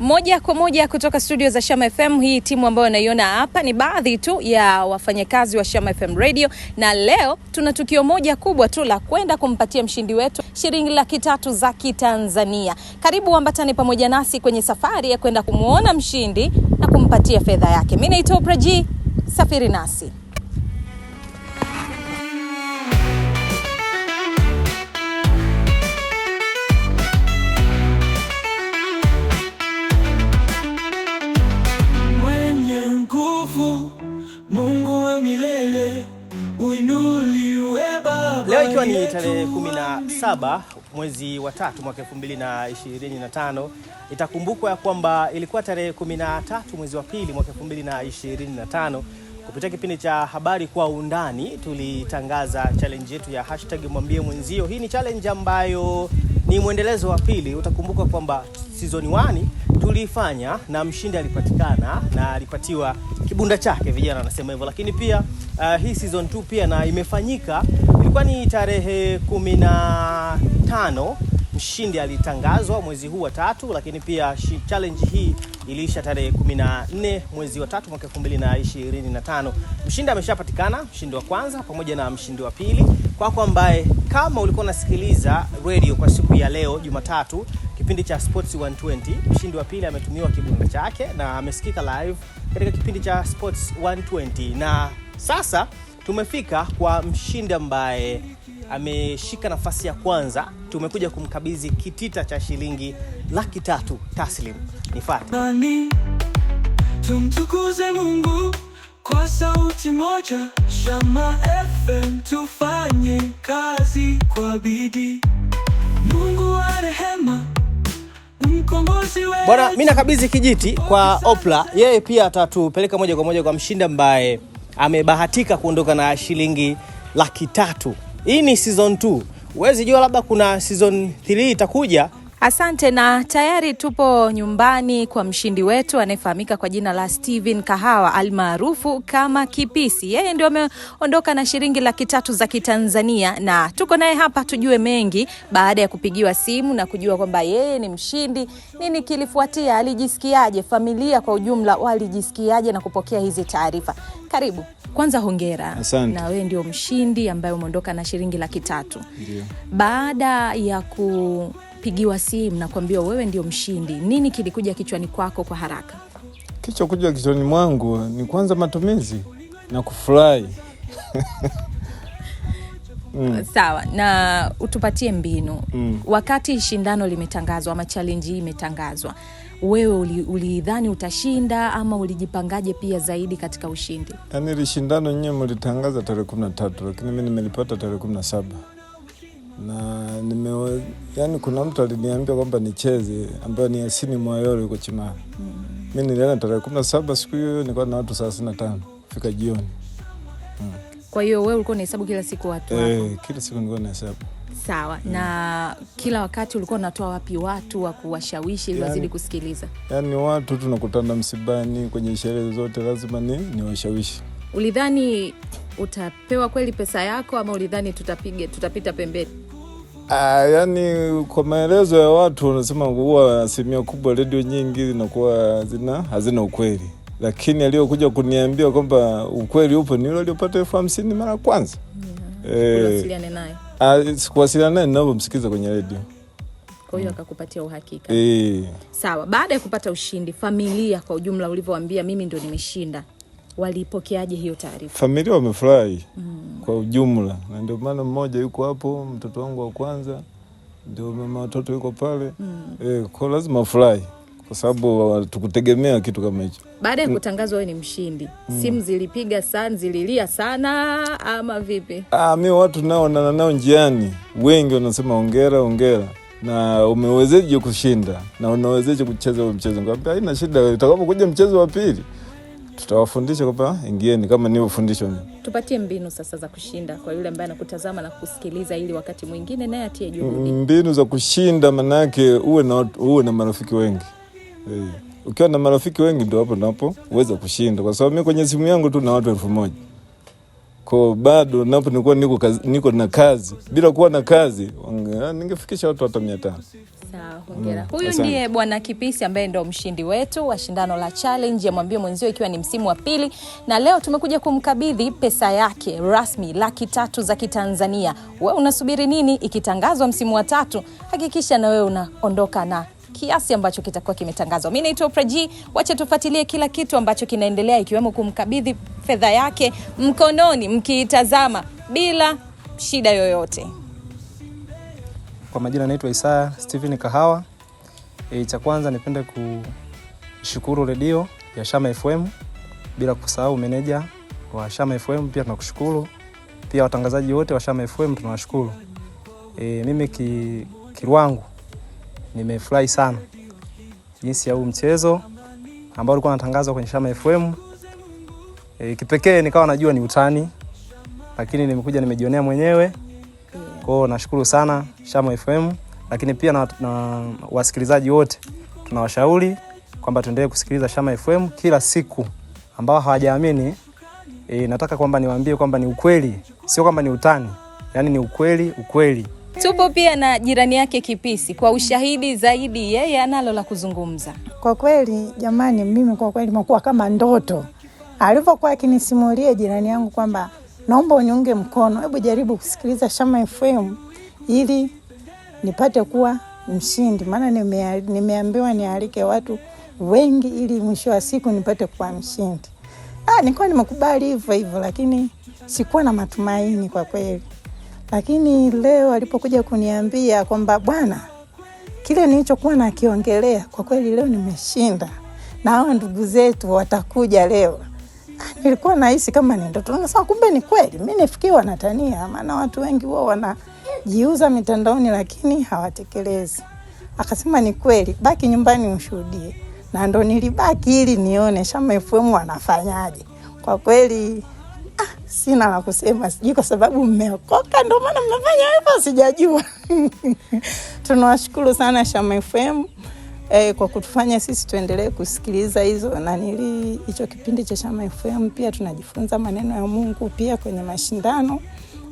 Moja kwa moja kutoka studio za Shama FM. Hii timu ambayo naiona hapa ni baadhi tu ya wafanyakazi wa Shama FM Radio, na leo tuna tukio moja kubwa tu la kwenda kumpatia mshindi wetu shilingi laki tatu za Kitanzania. Karibu ambatane pamoja nasi kwenye safari ya kwenda kumwona mshindi na kumpatia fedha yake. Mimi naitwa Oprah G, safiri nasi. tarehe 17 mwezi wa tatu mwaka 2025. Itakumbukwa ya kwamba ilikuwa tarehe 13 mwezi wa pili mwaka 2025 kupitia kipindi cha habari kwa undani tulitangaza challenge yetu ya hashtag mwambie mwenzio. Hii ni challenge ambayo ni mwendelezo wa pili. Utakumbuka kwamba season 1 tulifanya na mshindi alipatikana na alipatiwa kibunda chake, vijana wanasema hivyo. Lakini pia uh, hii season 2 pia na imefanyika, ilikuwa ni tarehe 15 mshindi alitangazwa mwezi huu wa tatu, lakini pia challenge hii iliisha tarehe 14 mwezi wa tatu mwaka 2025. Mshindi ameshapatikana, mshindi wa kwanza pamoja na mshindi wa pili. Kwako ambaye kama ulikuwa unasikiliza radio kwa siku ya leo Jumatatu, kipindi cha Sports 120, mshindi wa pili ametumiwa kibunda chake na amesikika live katika kipindi cha Sports 120 na sasa tumefika kwa mshindi ambaye ameshika nafasi ya kwanza. Tumekuja kumkabidhi kitita cha shilingi laki tatu. Taslim nifuate, tumtukuze Mungu kwa sauti moja. Shama FM, tufanye kazi kwa bidi Mungu wa rehema Bwana, mi nakabidhi kijiti kwa Opla, yeye pia atatupeleka moja kwa moja kwa mshindi ambaye amebahatika kuondoka na shilingi laki tatu. Hii ni season 2. Huwezi jua labda kuna season 3 itakuja Asante na tayari tupo nyumbani kwa mshindi wetu anayefahamika kwa jina la Steven Kahawa almaarufu kama Kipisi. Yeye ndio ameondoka na shilingi laki tatu za Kitanzania na tuko naye hapa tujue mengi baada ya kupigiwa simu na kujua kwamba yeye ni mshindi. Nini kilifuatia? Alijisikiaje? Familia kwa ujumla walijisikiaje na kupokea hizi taarifa? Karibu. Kwanza hongera. Asante. Na wewe ndio mshindi ambaye umeondoka na shilingi laki tatu. Ndio. Baada ya ku unapigiwa simu na kuambiwa wewe ndio mshindi, nini kilikuja kichwani kwako kwa haraka? Kilichokuja kichwani mwangu ni kwanza matumizi na kufurahi. Mm. Sawa, na utupatie mbinu mm. Wakati shindano limetangazwa ama challenge hii imetangazwa, wewe ulidhani uli utashinda ama ulijipangaje pia zaidi katika ushindi? Yaani, lishindano nyewe mlitangaza tarehe kumi na tatu lakini mi nimelipata tarehe kumi na saba na nime, yani kuna mtu aliniambia kwamba nicheze ambayo ni Yasini Mwayole huko Chimali. mm. Mi nilienda tarehe kumi na saba siku hiyo nikuwa na watu thelathini na tano kufika jioni. mm. Kwa hiyo wewe ulikuwa unahesabu kila siku watu e, kila siku nilikuwa nahesabu sawa. mm. na kila wakati ulikuwa unatoa wapi watu wa kuwashawishi ili yani, wazidi kusikiliza? Yani watu tunakutana msibani, kwenye sherehe zote lazima ni niwashawishi. Ulidhani utapewa kweli pesa yako ama ulidhani tutapige tutapita pembeni? Ah, yani kwa maelezo ya watu wanasema kuwa asilimia kubwa redio nyingi zinakuwa hazina hazina ukweli, lakini aliyokuja kuniambia kwamba ukweli upo ni yule aliyopata elfu hamsini mara ya kwanza. Sikuwasiliana eh, naye ah, ninavyomsikiza kwenye redio. Kwa hiyo akakupatia uhakika. Eh. Sawa, baada ya kupata ushindi, familia kwa ujumla ulivyowaambia mimi ndo nimeshinda walipokeaje hiyo taarifa? Familia wamefurahi mm. kwa ujumla, na ndio maana mmoja yuko hapo, mtoto wangu wa kwanza, ndio mama watoto yuko pale mm. E, kwa lazima afurahi kwa sababu tukutegemea kitu kama hicho. Baada ya mm. kutangazwa wewe ni mshindi mm. simu zilipiga sana, zililia sana ama vipi? Ah, mimi watu naonana nao njiani, wengi wanasema ongera ongera na umewezeje kushinda na unawezeje kucheza huo mchezo? Nikamwambia haina shida, utakapokuja mchezo wa pili tutawafundisha kwamba ingieni kama nilivyofundishwa mimi. Tupatie mbinu sasa za kushinda kwa yule ambaye anakutazama na kusikiliza, ili wakati mwingine naye atie mm, juhudi. Mbinu za kushinda manake uwe na, uwe na marafiki wengi hey. Eh, ukiwa na marafiki wengi ndio hapo napo uweza kushinda, kwa sababu mimi kwenye simu yangu tu na watu elfu moja kwa bado napo nilikuwa niko, niko na kazi. Bila kuwa na kazi ah, ningefikisha watu hata mia tano. Mm. Mm. Huyu ndiye Bwana Kipisi ambaye ndo mshindi wetu wa shindano la challenge ya mwambie mwenzio, ikiwa ni msimu wa pili, na leo tumekuja kumkabidhi pesa yake rasmi laki tatu za Kitanzania. We unasubiri nini? Ikitangazwa msimu wa tatu, hakikisha na wewe unaondoka na kiasi ambacho kitakuwa kimetangazwa. mi naitwa Praji, wacha tufuatilie kila kitu ambacho kinaendelea, ikiwemo kumkabidhi fedha yake mkononi, mkiitazama bila shida yoyote. Kwa majina naitwa Isaya Steven Kahawa. E, cha kwanza nipende kushukuru redio ya Shama FM bila kusahau meneja wa Shama FM pia tunakushukuru. Pia watangazaji wote wa Shama FM tunawashukuru. E, mimi ki, kirwangu nimefurahi sana jinsi ya huu mchezo ambao ulikuwa unatangazwa kwenye Shama FM. E, kipekee nikawa najua ni utani, lakini nimekuja nimejionea mwenyewe kwao nashukuru sana Shamo FM, lakini pia na, na wasikilizaji wote tunawashauri kwamba tuendelee kusikiliza Shamo FM kila siku. Ambao hawajaamini e, nataka kwamba niwaambie kwamba ni ukweli, sio kwamba ni utani, yani ni ukweli ukweli. Tupo pia na jirani yake Kipisi kwa ushahidi zaidi, yeye analo la kuzungumza. Kwa kweli jamani, mimi kwa kweli imekuwa kama ndoto alivyokuwa akinisimulia jirani yangu kwamba naomba uniunge mkono, hebu jaribu kusikiliza Shama FM ili nipate kuwa mshindi, maana nime, nimeambiwa nialike watu wengi ili mwisho wa siku nipate kuwa mshindi. Ah, nilikuwa nimekubali hivyo hivyo, lakini sikuwa na matumaini kwa kweli. Lakini leo alipokuja kuniambia kwamba bwana, kile nilichokuwa nakiongelea kwa kweli leo nimeshinda, na hao ndugu zetu watakuja leo nilikuwa nahisi kama ni ndoto, nasema kumbe ni kweli. Mi nifikiri wanatania, maana watu wengi huwa wanajiuza mitandaoni lakini hawatekelezi. Akasema ni kweli, baki nyumbani ushuhudie. Na ndo nilibaki ili nione Shama FM wanafanyaje. Kwa kweli ah, sina la kusema, sijui kwa sababu mmeokoka ndo maana mnafanya hivyo, sijajua tunawashukuru sana Shama FM eh, kwa kutufanya sisi tuendelee kusikiliza hizo nanili hicho kipindi cha Chama FM. Pia tunajifunza maneno ya Mungu pia kwenye mashindano.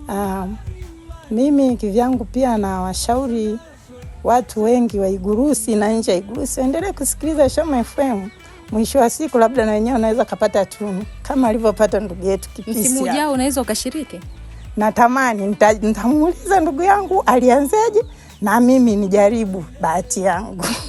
Uh, mimi kivyangu pia nawashauri watu wengi wa Igurusi na nje ya Igurusi waendelee kusikiliza Chama FM. Mwisho wa siku labda na wenyewe unaweza kapata tunu kama alivyopata ndugu yetu Kipisi. Msimu ujao unaweza ukashiriki. Natamani nitamuuliza ndugu yangu alianzaje, na mimi nijaribu bahati yangu.